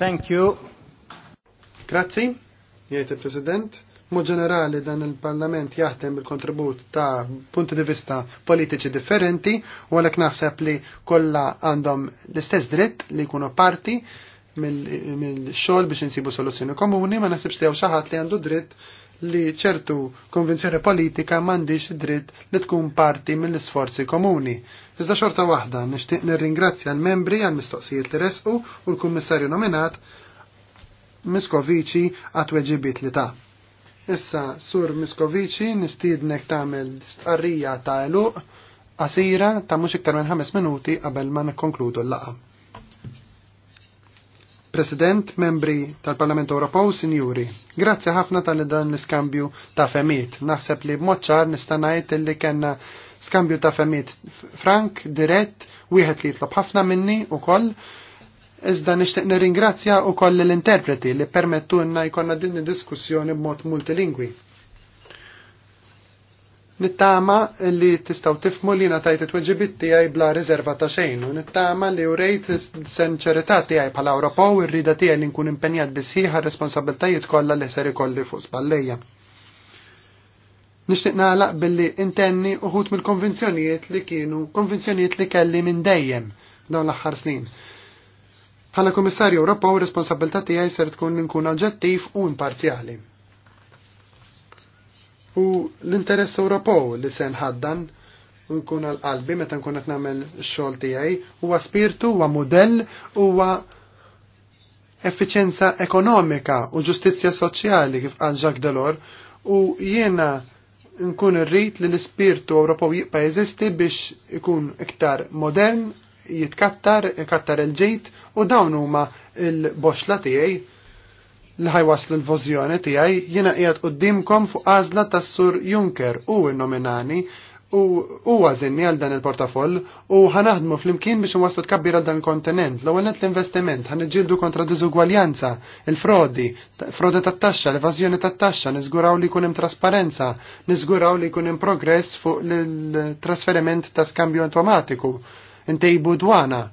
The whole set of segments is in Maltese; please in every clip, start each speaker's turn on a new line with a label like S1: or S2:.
S1: Thank you. Grazzi, jgħid president Mod ġenerali dan il-Parlament jaħdem bil-kontribut ta' punti di vista politiċi differenti u għalek naħseb li kollha għandhom l-istess dritt li jkunu parti mill-xogħol biex insibu soluzzjoni komuni, ma naħsibx li għaw xi ħadd li għandu dritt li ċertu konvenzjoni politika m'għandix dritt li tkun parti mill-isforzi komuni. Iżda xorta waħda nixtieq nirringrazzja l-membri għal mistoqsijiet li resqu u l-kummissarju nominat Miskovici għat weġibiet li ta' Issa, Sur Miskovici, nistidnek tagħmel stqarrija ta' eluq għasira ta' mhux iktar minn ħames minuti qabel ma nikkonkludu l-laqa. President, membri tal-Parlament Ewropew, sinjuri, grazzi ħafna tal dan l-iskambju ta' femiet. Naħseb li b'moċċar nista' ngħid li kellna skambju ta' femiet frank, dirett, wieħed li jitlob ħafna minni ukoll. Iżda nixtieq nirringrazzja wkoll l-interpreti li permettunna jkollna din id-diskussjoni b'mod multilingwi. Nittama li tistaw tifmu li natajt it-weġibit tijaj bla rezerva ta' xejn. Nittama li rejt senċerità tijaj bħala Ewropew irrida rida tijaj li nkun impenjat bisħiħa responsabiltajiet kollha li ser ikolli fuq spallejja. Nixtieq nagħlaq billi intenni uħut mill-konvinzjonijiet li kienu konvinzjonijiet li kelli minn dejjem dawn l-aħħar snin. Għala Kummissarju Ewropew ir-responsabilità tiegħi ser tkun nkun oġġettiv u imparzjali u l-interess Ewropew li se nħaddan nkun għal-qalbi meta nkun qed nagħmel x-xogħol tiegħi huwa spirtu huwa mudell huwa effiċenza ekonomika u ġustizzja soċjali kif qal Jacques Delors u jiena nkun irrid li l-ispirtu Ewropew jibqa' jeżisti biex ikun iktar modern, jitkattar, ikattar il-ġejt u dawn huma l boxla tiegħi li waslu l-vożjoni tiegħi jiena qiegħed uddimkom fuq għażla tas-Sur Juncker u il nominani u huwa żinni għal dan il-portafoll u ħanaħdmu flimkien biex nwaslu tkabbir għal dan il-kontinent. L-ewwel l-investiment, ħanġildu kontra diżugwaljanza, il-frodi, frodi tat-taxxa, l-evażjoni tat-taxxa, niżguraw li jkun hemm trasparenza, niżguraw li jkun hemm progress fuq l-trasferiment ta' skambju automatiku, intejbu dwana.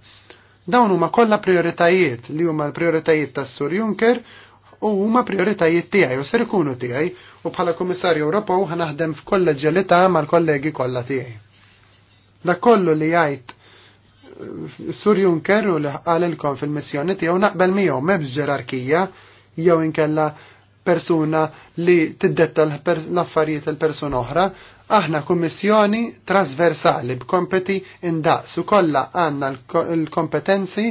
S1: Dawn huma kollha prioritajiet li huma l-prioritajiet tas-Sur Juncker u huma prioritajiet tiegħi u ser ikunu tiegħi u bħala Kummissarju Ewropew naħdem f'kolleġjalità mal-kollegi kollha tiegħi. Dak kollu li jgħid eh, Sur Juncker u li qalilkom fil-missjoni tiegħu naqbel miegħu m'hemmx ġerarkija jew inkella persuna li tiddetta l-affarijiet l-persuna oħra, aħna kummissjoni trasversali b'kompeti indaqs u kollha għandna l-kompetenzi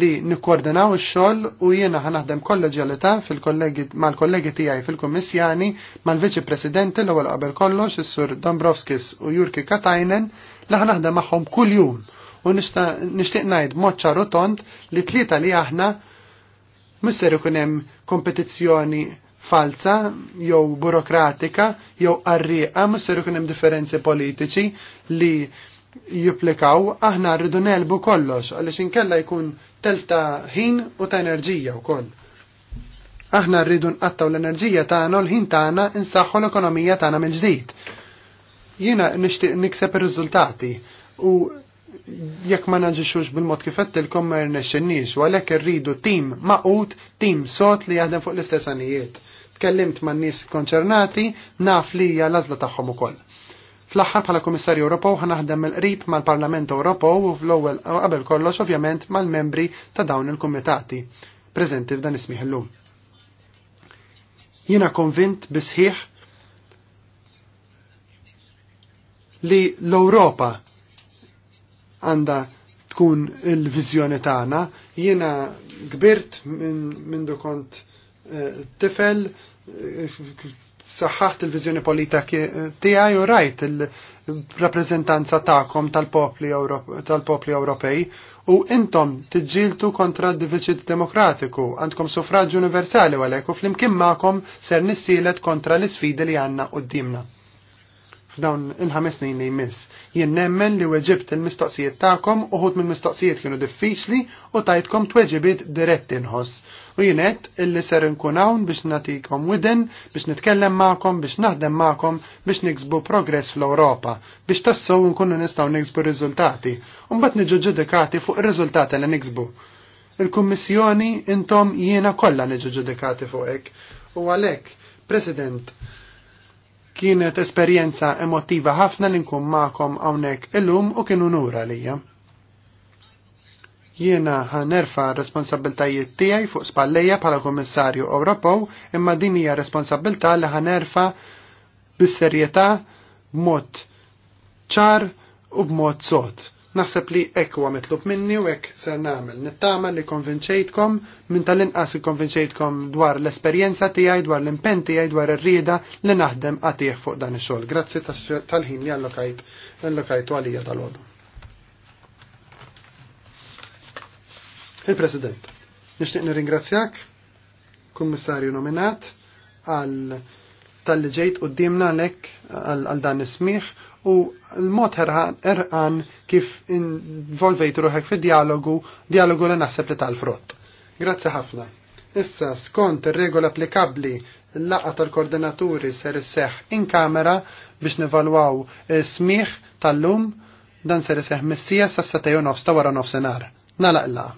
S1: li nikkoordinaw ix-xogħol u jiena ħanaħdem kolleġjalità fil-kollegi mal-kollegi tiegħi fil-kummissjani mal-Viċi Presidenti l-ewwel qabel kollox is-Sur Dombrovskis u Jurki Katajnen li ħanaħdem magħhom kuljum u nixtieq ngħid mod ċarutont li tlieta li aħna Misser ikun hemm kompetizzjoni falsa jew burokratika jew arriqa ma seru kunem hemm differenzi politiċi li jipplikaw aħna rridu nelbu kollox għaliex inkella jkun telta ħin u ta' enerġija wkoll. Aħna rridu nqattaw l-enerġija tagħna u l-ħin tagħna nsaħħu l-ekonomija tagħna mill-ġdid. Jiena nixtieq nikseb ir-riżultati u jekk ma naġixux bil-mod kifett il ma rnexxinniex u għalhekk irridu tim maqut, tim sot li jaħdem fuq l-istess anijiet. Tkellimt man nies konċernati, naf li hija l-għażla tagħhom ukoll. Fl-aħħar bħala Kummissarju Ewropew ħanaħdem mill-qrib mal-Parlament Ewropew u fl-ewwel qabel kollox ovvjament mal-membri ta' dawn il-kumitati preżenti f'dan ismih illum. Jiena konvint bisħiħ li l-Ewropa għanda tkun il-vizjoni tagħna. Jiena kbirt minn kont eh, tifel, eh, saħħaħt il-vizjoni polita tiegħi u rajt il-rappreżentanza tagħkom tal-popli Ewropej u intom tiġġieltu kontra d-deficit demokratiku, għandkom suffraġġ universali għalhekk u flimkien magħkom ser nissielet kontra l-isfidi li għandna qudiemna f'dawn il-ħames snin li jmiss. Jien nemmen li weġibt il-mistoqsijiet tagħkom uħud mill-mistoqsijiet kienu diffiċli u tajtkom tweġibiet diretti nħoss. U jien qed illi ser nkun hawn biex nagħtikom widen, biex nitkellem magħkom, biex naħdem magħkom biex niksbu progress fl-Ewropa, biex tassew nkunu nistgħu niksbu riżultati. U mbagħad niġu ġudikati fuq ir-riżultati li niksbu. Il-Kummissjoni intom jiena kollha niġu ġudikati fuq hekk. U għalhekk, President, Kienet esperjenza emotiva ħafna li nkun magħkom hawnhekk illum u kienu nura lija. Jiena ħanerfa responsabiltajiet tiegħi fuq spallejja bħala Kummissarju Ewropew imma din hija responsabilità li ħanerfa bis-serjetà b'mod ċar u b'mod sod Naħseb li ekk huwa mitlub minni u hekk ser nagħmel. Nittama li konvinċejtkom minn tal-inqas konvinċejtkom dwar l-esperjenza tiegħi, dwar l-impenn tiegħi, dwar ir-rieda li naħdem għatih fuq dan ix-xogħol. Grazzi tal-ħin li allokajt allokajtu għalija tal-għodu. Il-President, nixtieq nirringrazzjak, Kummissarju nominat, għal tal-li ġejt u dimna lek għal dan ismiħ u l-mod erqan kif involvejt ruħek fi dialogu, dialogu li naħseb li tal-frott. Grazzi ħafna. Issa, skont ir-regola applikabli l laqqa tal-koordinaturi ser isseħ in kamera biex nevalwaw smiħ tal-lum dan ser isseħ missija sa' satajon nofs ta' wara senar. Nalaq illa.